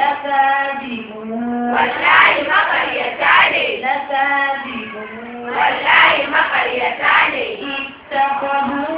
لكاذبون والله مقريتان لكاذبون والله مقريتان اتخذوا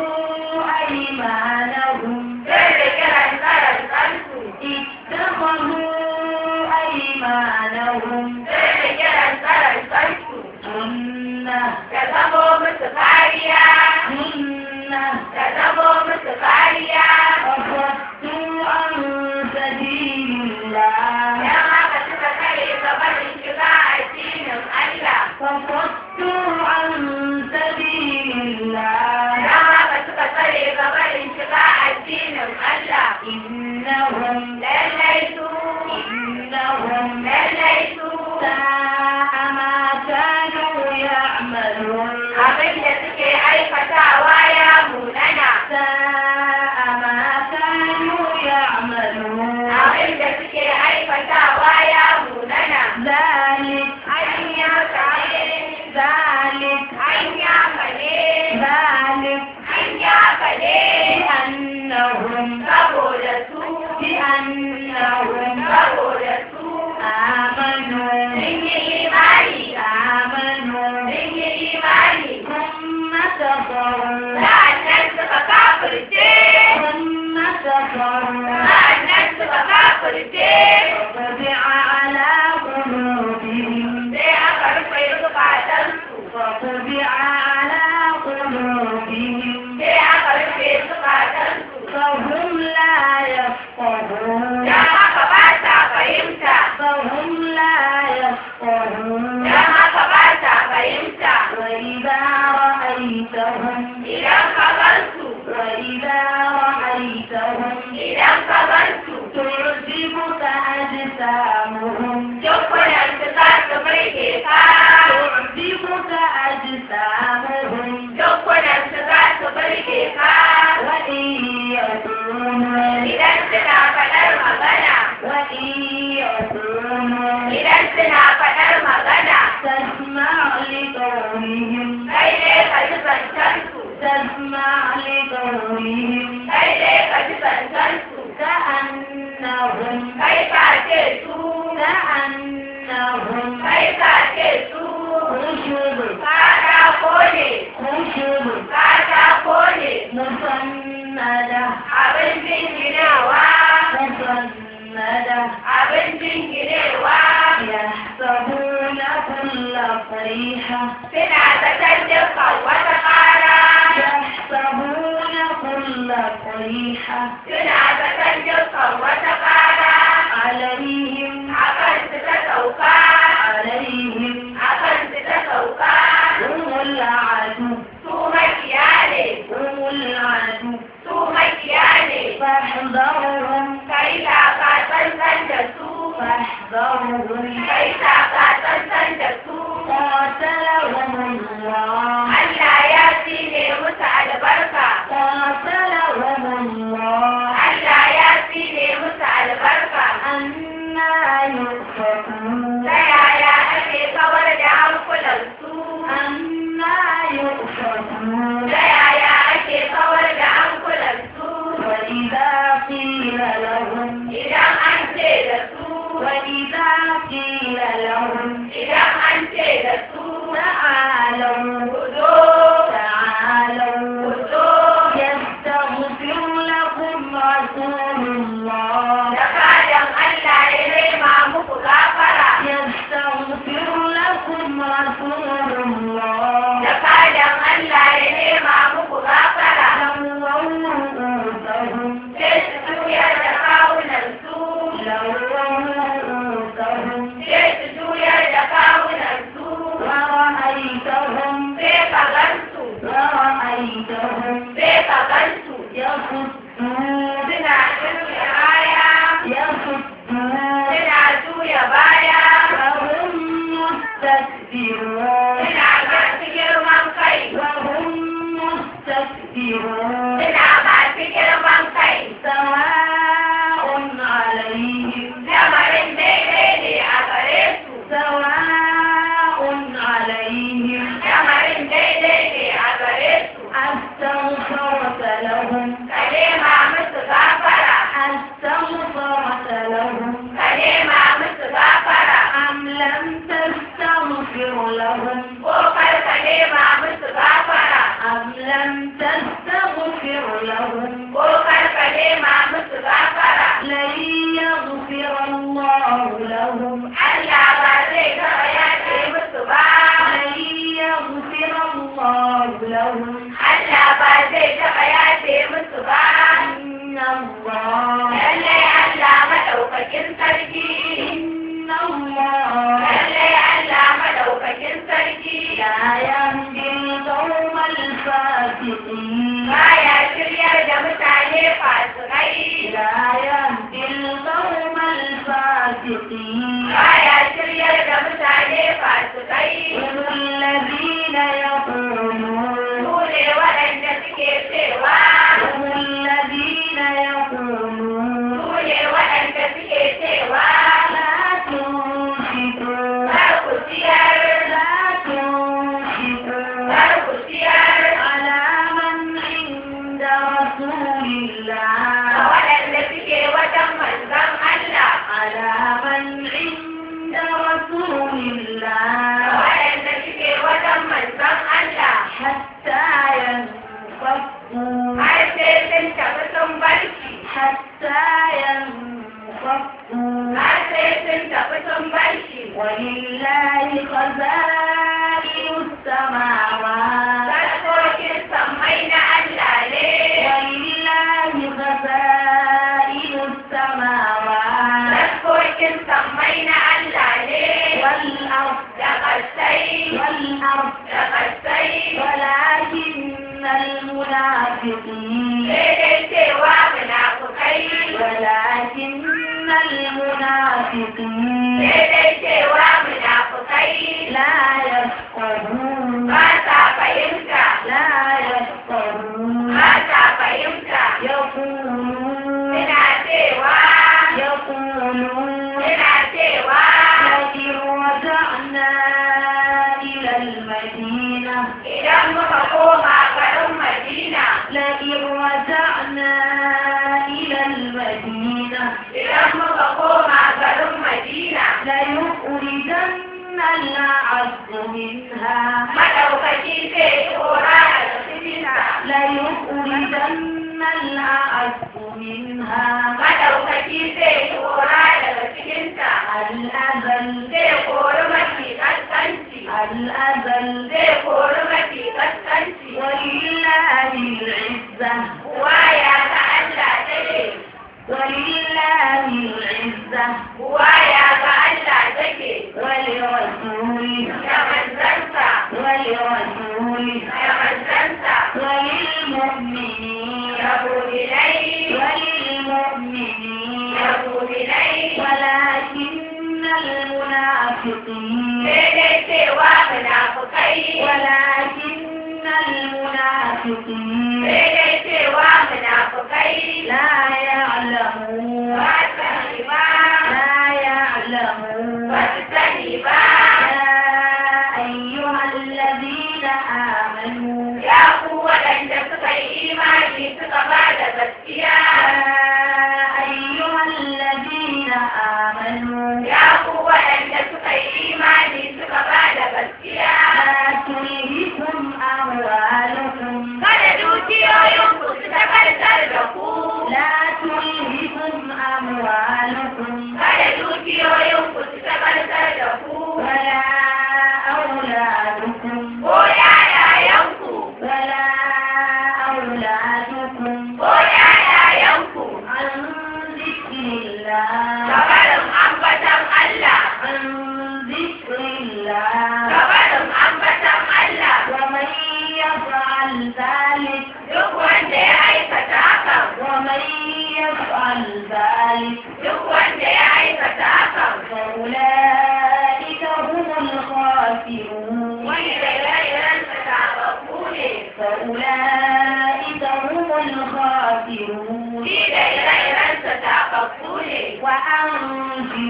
أنت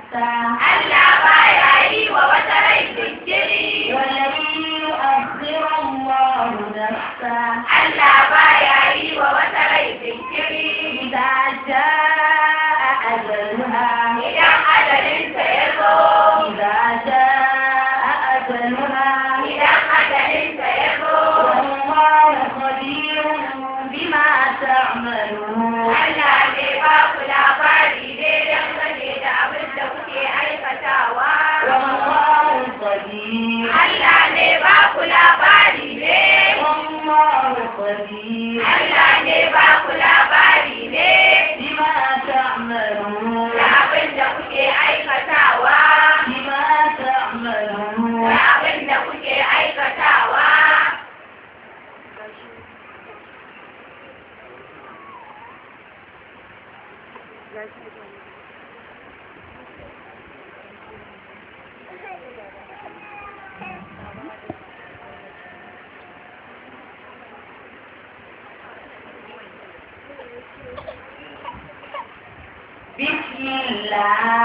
la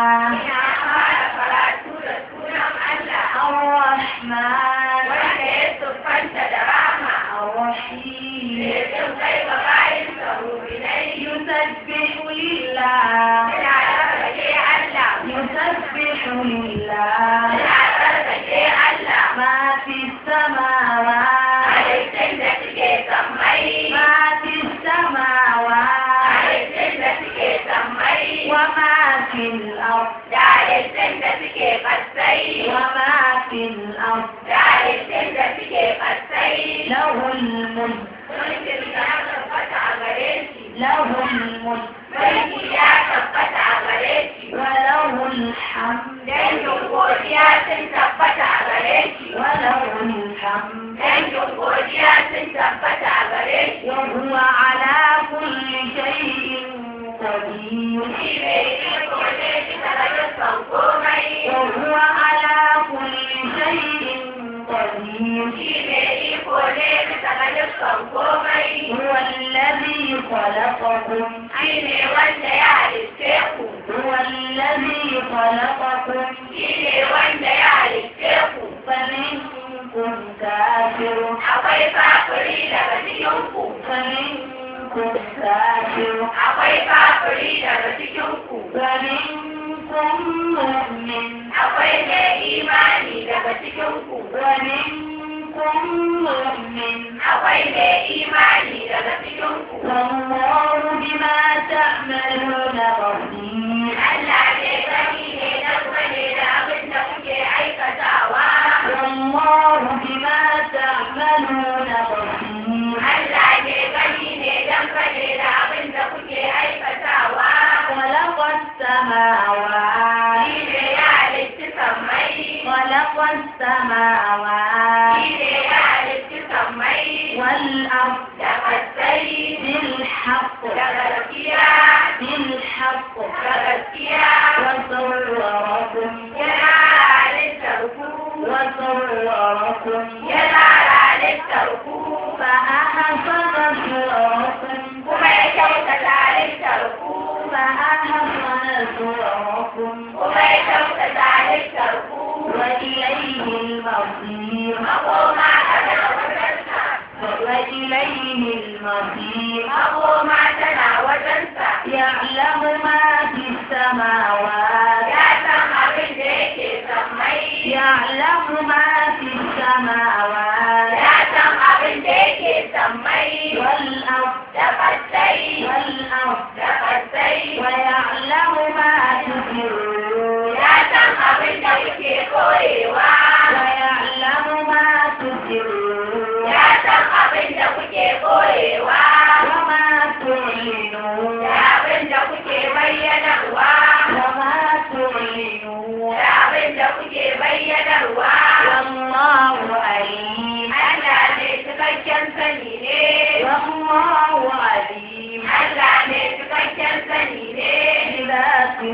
خلقكم أي ne wanda ya halitte ku هو الذي خلقكم shi ne wanda ya halitte ku فمنكم كافر akwai kafiri daga cikin ku فمنكم كافر akwai kafiri daga cikin ku فمنكم مؤمن akwai mai imani daga cikin ku فمنكم مؤمن akwai mai imani daga cikin ku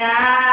caminhar.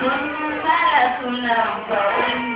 ثم لتنبؤن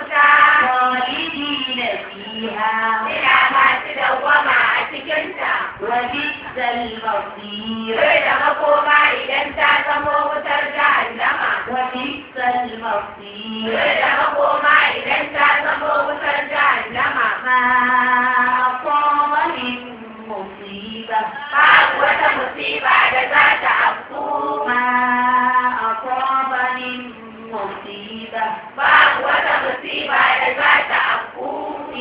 خالدين فيها نعم تدوما أتكنتا وبئس المصير إذا مقوما إذا انت تمو وترجع إنما وبئس المصير إذا مقوما إذا انت تمو ترجع إنما ما أصاب من مصيبة ما أقوى مصيبة جزاك عفو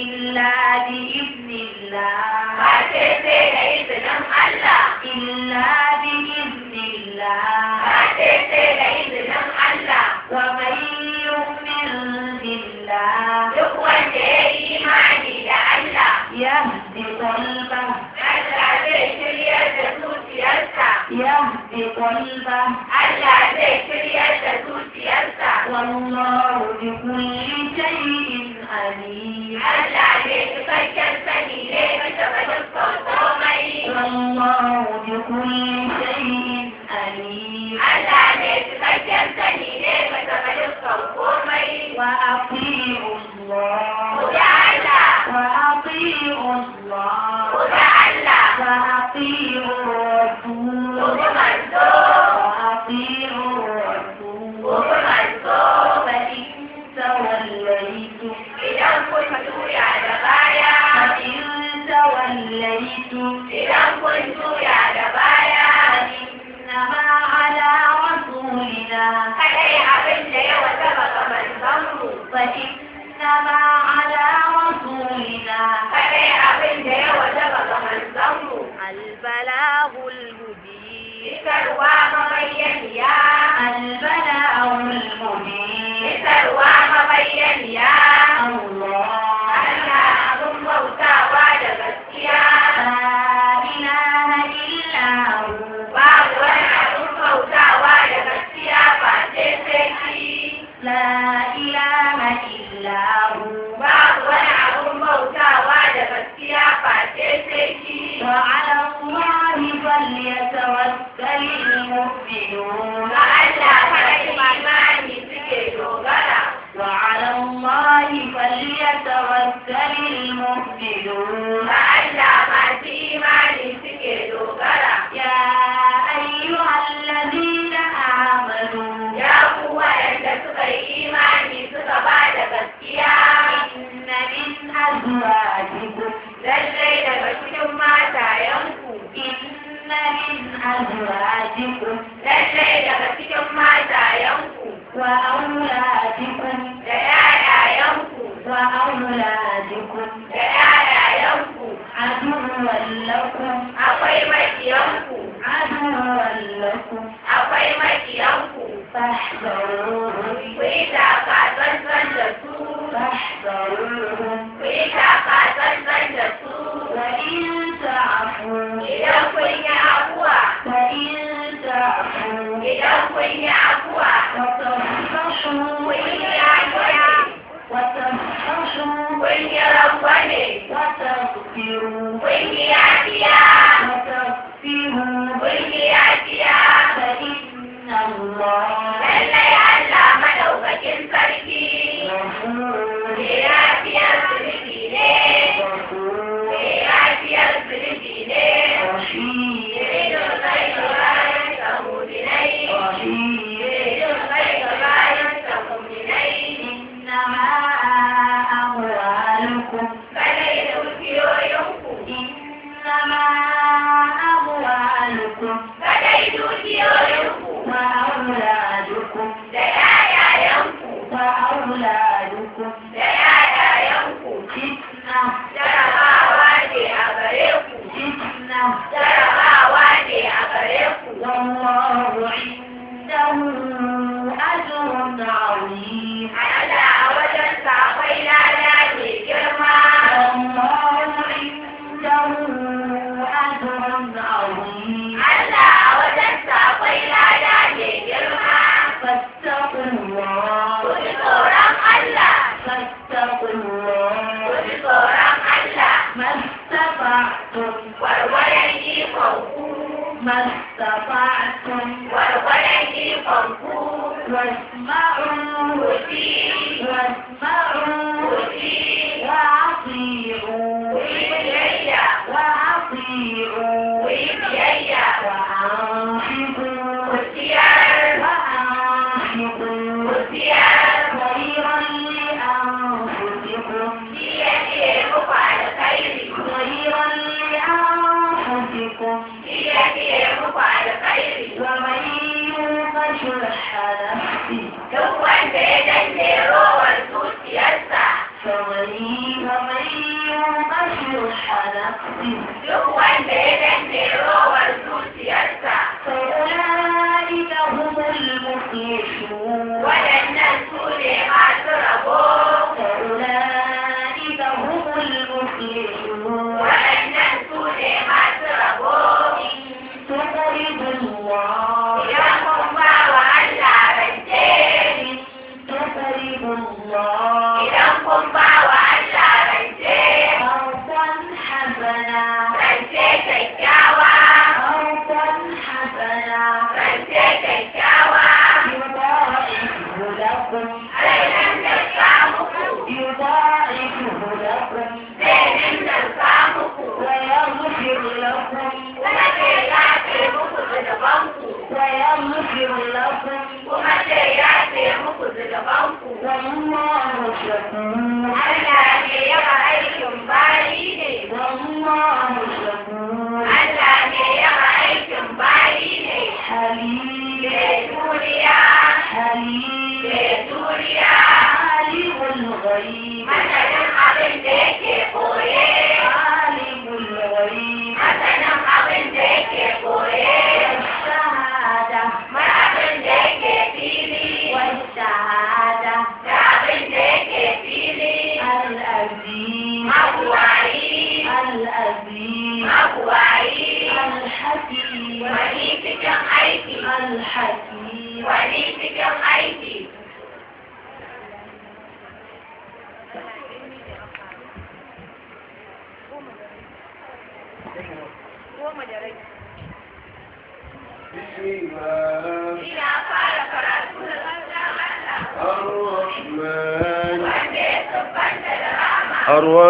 إلا بإذن الله ba ce sai da izinin Allah إلا بإذن الله ba ce sai da izinin Allah ومن يؤمن بالله duk wanda ya yi imani da Allah يهدي قلبه ألا تشريا تكون سياسة يهدي قلبه ألا تشريا تكون سياسة والله بكل شيء عليم ألا تفكر سنيلي فتفكر صوتي والله بكل شيء عليم ألا تفكر سنيلي فتفكر صوتي وأقيم وأولادكم da yayayenku aduwan lakum akwai makiyanku aduwan lakum akwai makiyanku fahzaru ما استطعتم والولد القنبور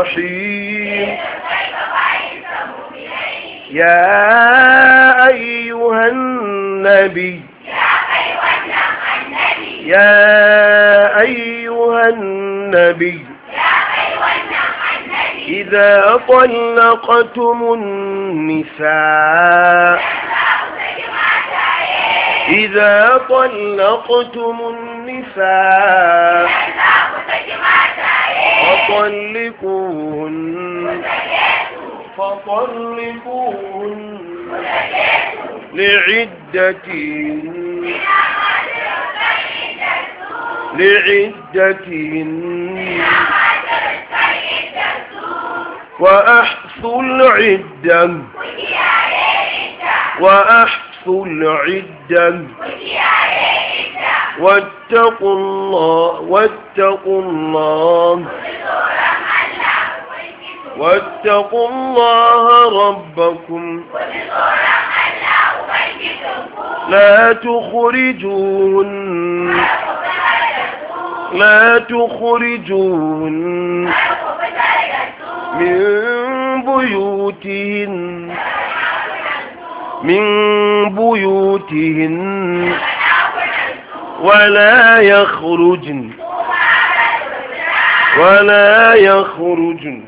الرحيم يا أيها النبي يا أيها النبي إذا طلقتم النساء إذا طلقتم النساء فطلقوهن لعدتهن لعدتهن وأحصوا العدة وأحصوا العدة واتقوا الله واتقوا الله واتقوا الله ربكم لا تخرجون لا تخرجون من بيوتهن من بيوتهن ولا يخرجن ولا يخرجن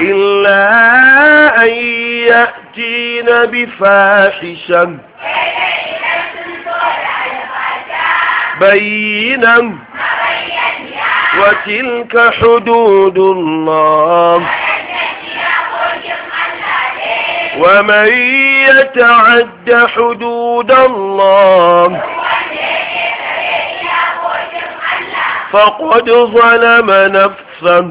إلا أن يأتين بفاحشة بينا وتلك حدود الله ومن يتعد حدود الله فقد ظلم نفسه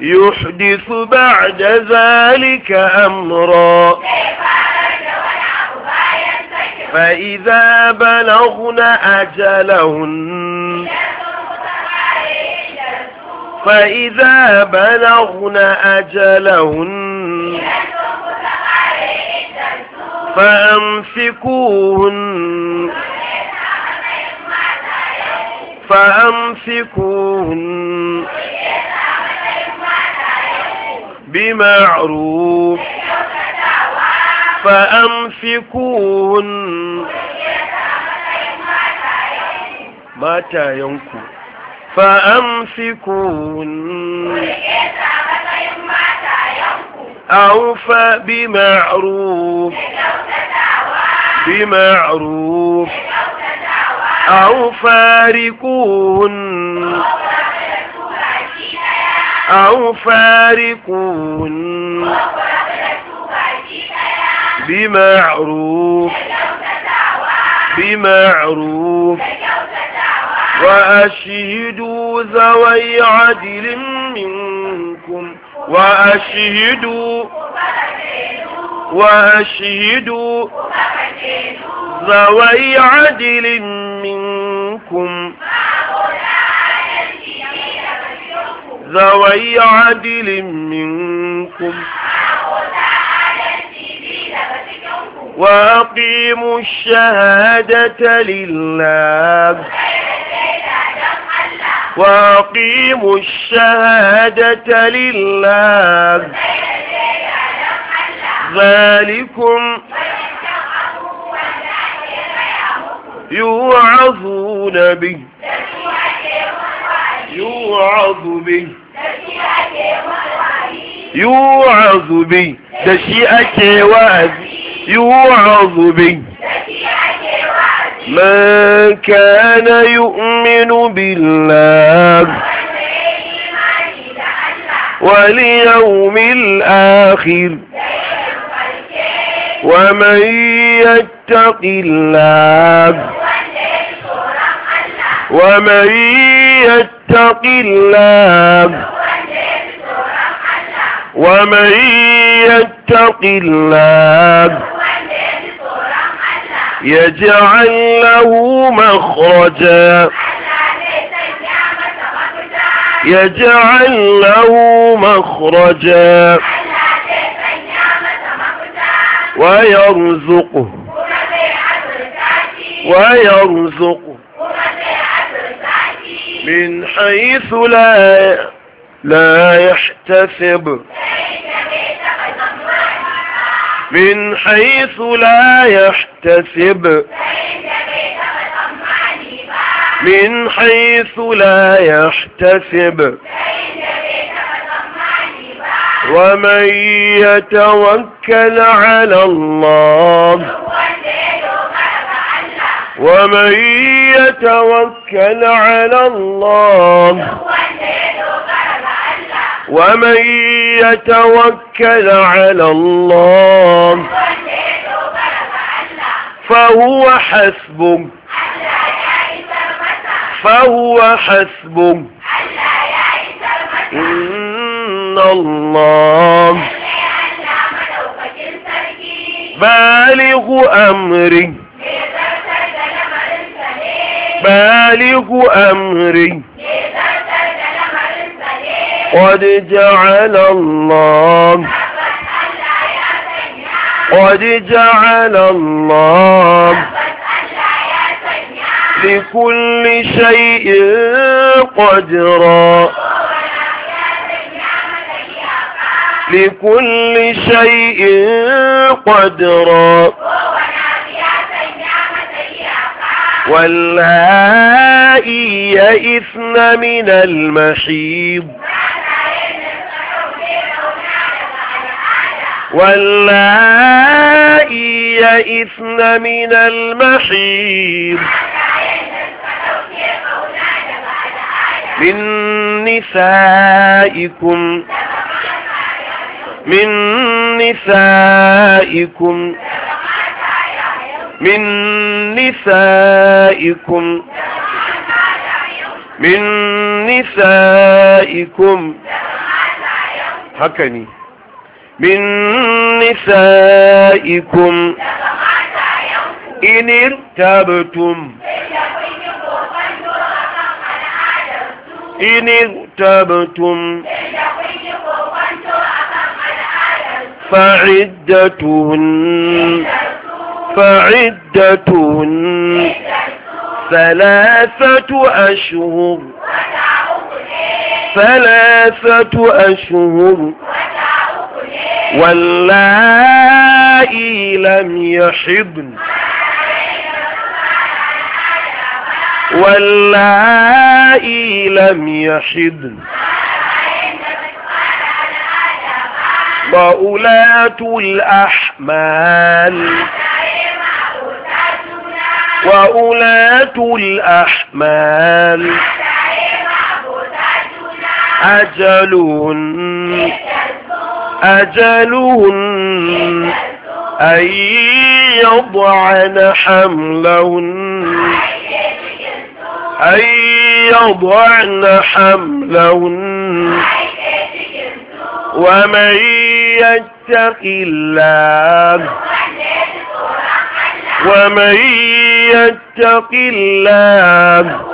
يحدث بعد ذلك أمرا فإذا بلغن أجلهن فإذا بلغن أجلهن فأمسكوهن فأمسكوهن بمعروف فأمسكون متى ينكو فأمسكون أوفى بمعروف بمعروف أو فارقون أو فارقون بمعروف بمعروف وأشهدوا ذوي عدل منكم وأشهدوا وأشهدوا ذوي عدل منكم ذوي عدل منكم وأقيموا الشهادة لله وأقيموا الشهادة لله ذلكم يوعظون به يوعظ به يوعظ بي ده شيء اكي وعد يوعظ بي من كان يؤمن بالله واليوم الاخر ومن يتق الله ومن يتق الله ومن يتق الله يجعل له مخرجا يجعل له مخرجا ويرزقه ويرزقه من حيث لا لا يحتسب من حيث لا يحتسب من حيث لا يحتسب ومن يتوكل على الله ومن يتوكل على الله ومن يتوكل على الله فهو حسب فهو حسب إن الله بالغ أمري بالغ أمري قد جعل الله قد جعل الله لكل شيء قدرا لكل شيء قدرا واللائي يئسن من المحيض واللائي يئسن من المحيض من نسائكم من نسائكم من نسائكم من نسائكم هكني من نسائكم إن ارتبتم إن ارتبتم فعدتهن فعدتهن ثلاثة أشهر ثلاثة أشهر واللائي لم يحضن واللائي لم يحضن وأولاة الأحمال وأولاة الأحمال أجلون أجلهن أن يضعن حملهن أن يضعن حملهن ومن يتق الله ومن يتق الله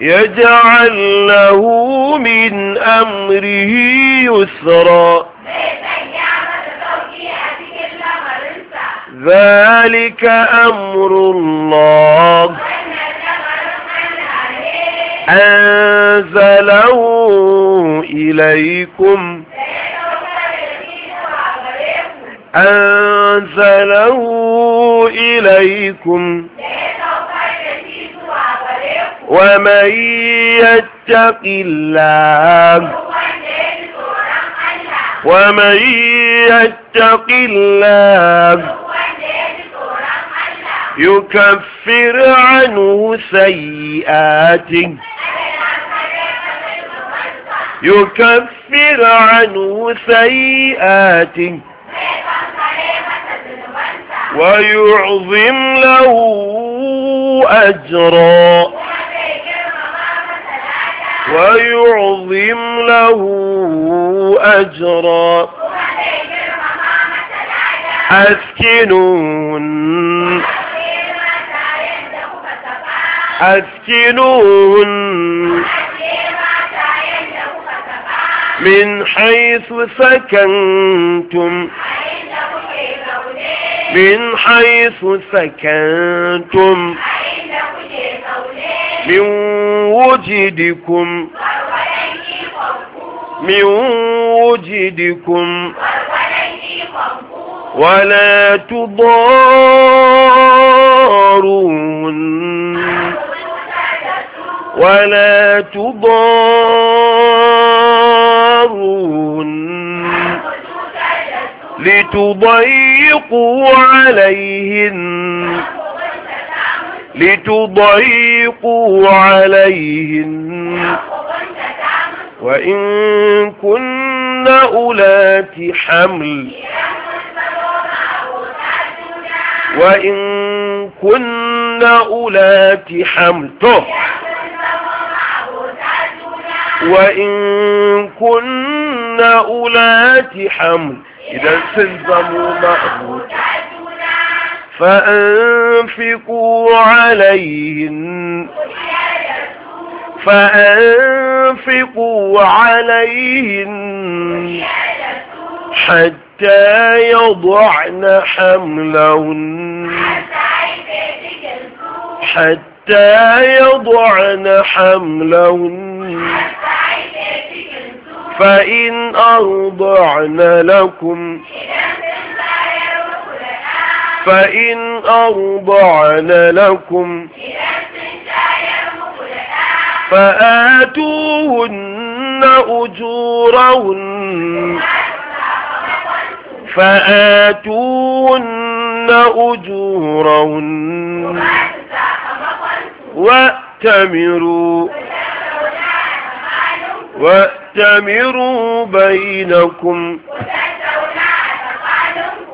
يجعل له من أمره يسرا ذلك أمر الله أنزله إليكم أنزله إليكم ومن يتق الله ومن يتق الله يكفر عنه سيئاته يكفر عنه سيئاته ويعظم له أجرا ويعظم له أجرا أسكنون أسكنون من حيث سكنتم من حيث سكنتم من وجدكم من وجدكم ولا تضارون ولا تضارون لتضيقوا عليهن لتضيقوا عليهن وإن كن أولات حمل وإن كن أولات حمل وإن كن أولات حمل إذا سلزموا مأبوتا فأنفقوا عليهن فأنفقوا عليهن حتى يضعن حملهن حتى يضعن حملهن فإن أرضعن لكم فإن أرضعن لكم فآتوهن أجورهن فآتوهن أجورهن واتمروا واتمروا بينكم واتمروا بينكم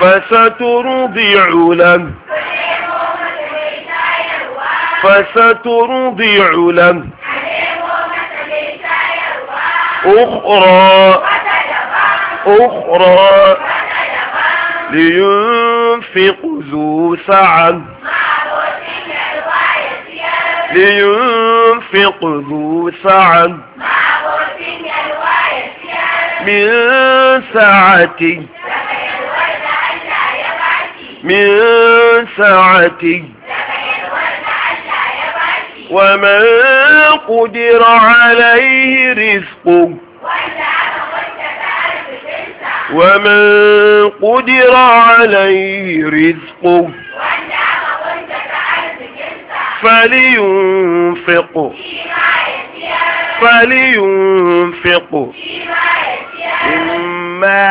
فسترضع له فسترضع له أخرى أخرى لينفق ذو سعة لينفق ذو سعة من سعته من سعته ومن قدر عليه رزقه ومن قدر عليه رزقه فلينفق فلينفق مما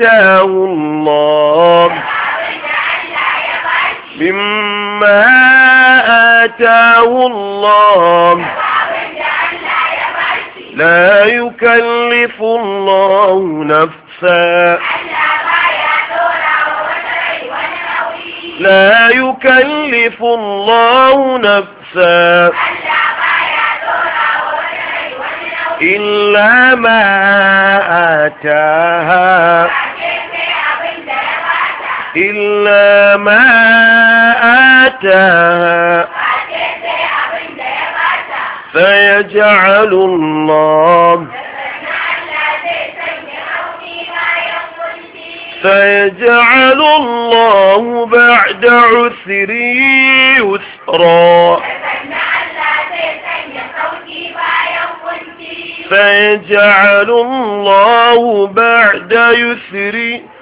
آتاه الله مما آتاه الله لا يكلف الله نفسا لا يكلف الله نفسا إلا ما آتاها إلا ما آتاها فيجعل الله فيجعل الله بعد عسر يسرا فيجعل الله بعد يسر يسرا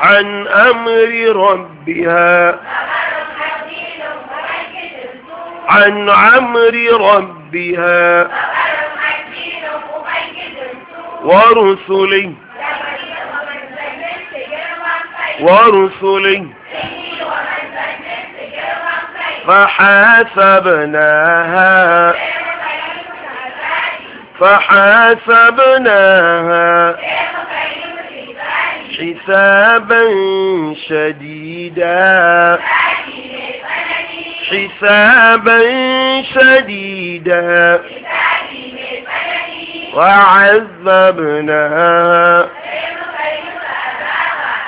عن أمر ربها عن أمر ربها ورسلي ورسلي فحاسبناها فحاسبناها حسابا شديدا حسابا شديدا وعذبناها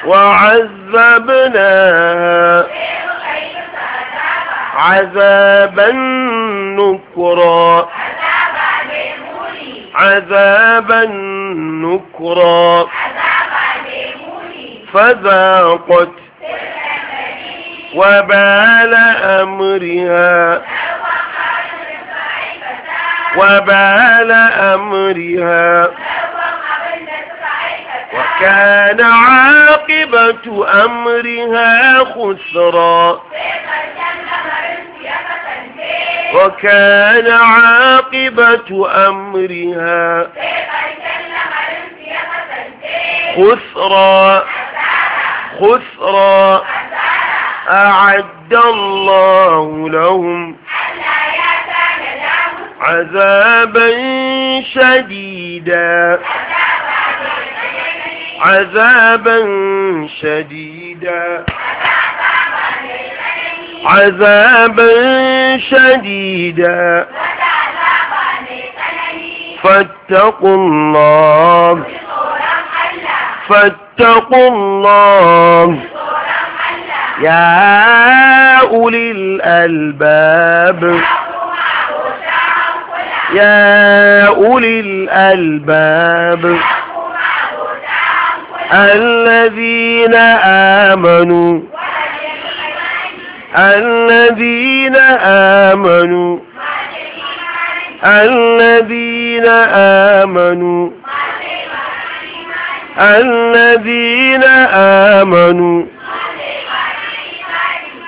وعذبناها عذابا نكرا عذابا نكرا فذاقت وبال أمرها وبال أمرها وكان عاقبة أمرها خسرا وكان عاقبة أمرها خسرا خسرا أعد الله لهم عذابا شديدا عذابا شديدا عذابا شديدا فاتقوا الله فاتقوا الله يا أولي الألباب يا أولي الألباب الذين آمنوا الذين آمنوا الذين آمنوا الذين آمنوا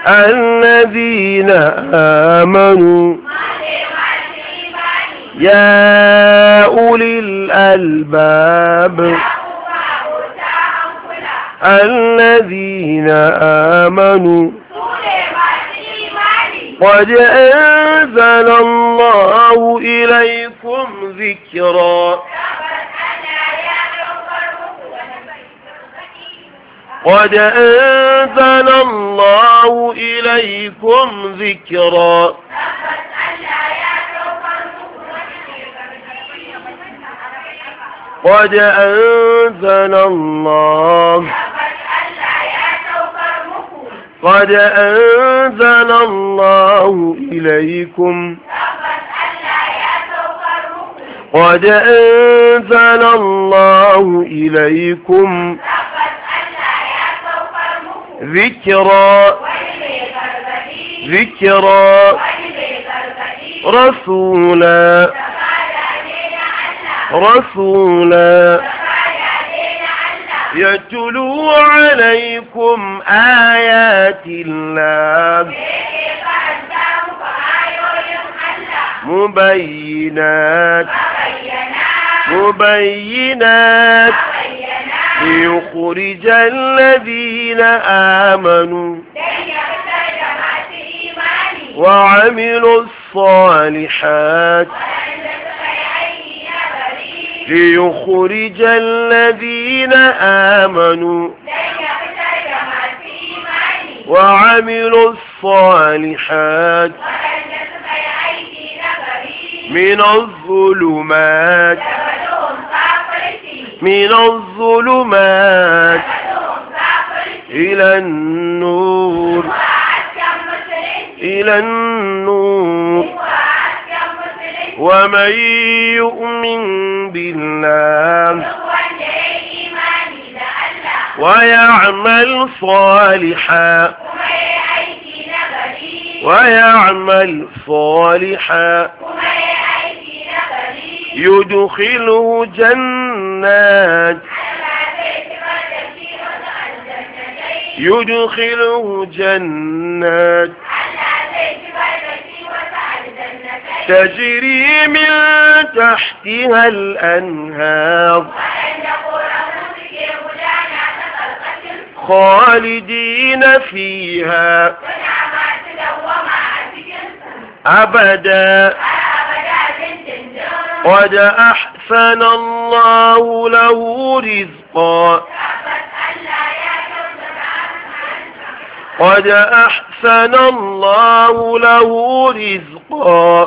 الذين آمنوا يا أولي الألباب الذين آمنوا قد أنزل الله إليكم ذكرًا قد أنزل الله إليكم ذكرا قد أنزل الله قد أنزل الله إليكم قد أنزل الله إليكم قد أنزل الله إليكم ذكرى ذكرى رسولا رسولا يتلو عليكم آيات الله مبينات مبينات ليخرج الذين آمنوا وعملوا الصالحات ليخرج الذين آمنوا وعملوا الصالحات من الظلمات من الظلمات إلى النور إلى النور ومن يؤمن بالله ويعمل صالحا ويعمل صالحا يدخله جنة الجنات يدخله جنات تجري من تحتها الأنهار خالدين فيها أبدا قد أحسن أحسن الله له رزقا قد أحسن الله له رزقا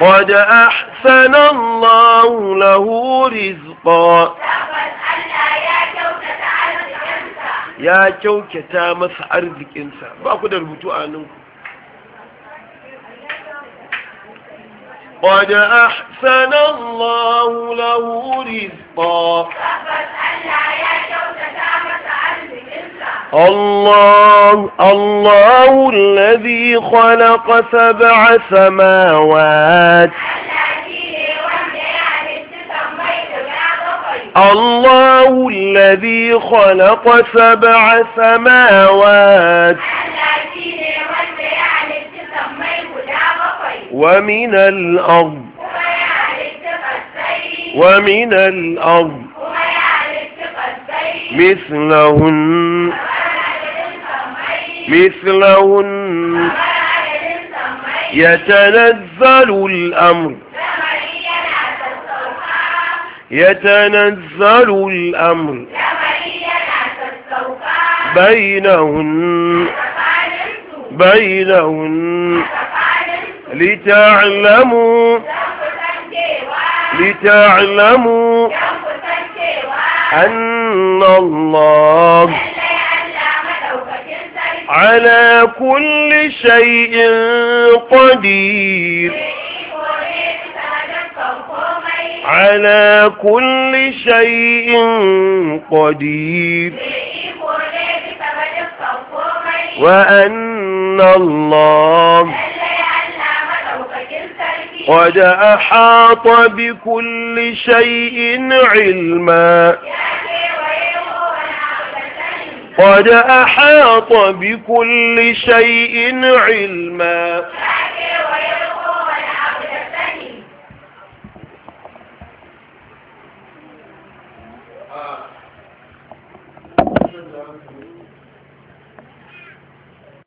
قد أحسن الله له رزقا يا كوكتا مسعر ذكي إنسان باكو دربتو آنوكو قد أحسن الله له رزقا الله الله الذي خلق سبع سماوات الله الذي خلق سبع سماوات ومن الأرض ومن الأرض مثلهن مثلهن يتنزل الأمر يتنزل الأمر بينهن بينهن لتعلموا لتعلموا أن الله على كل شيء قدير على كل شيء قدير وأن الله قد أحاط بكل شيء علما قد أحاط بكل شيء علما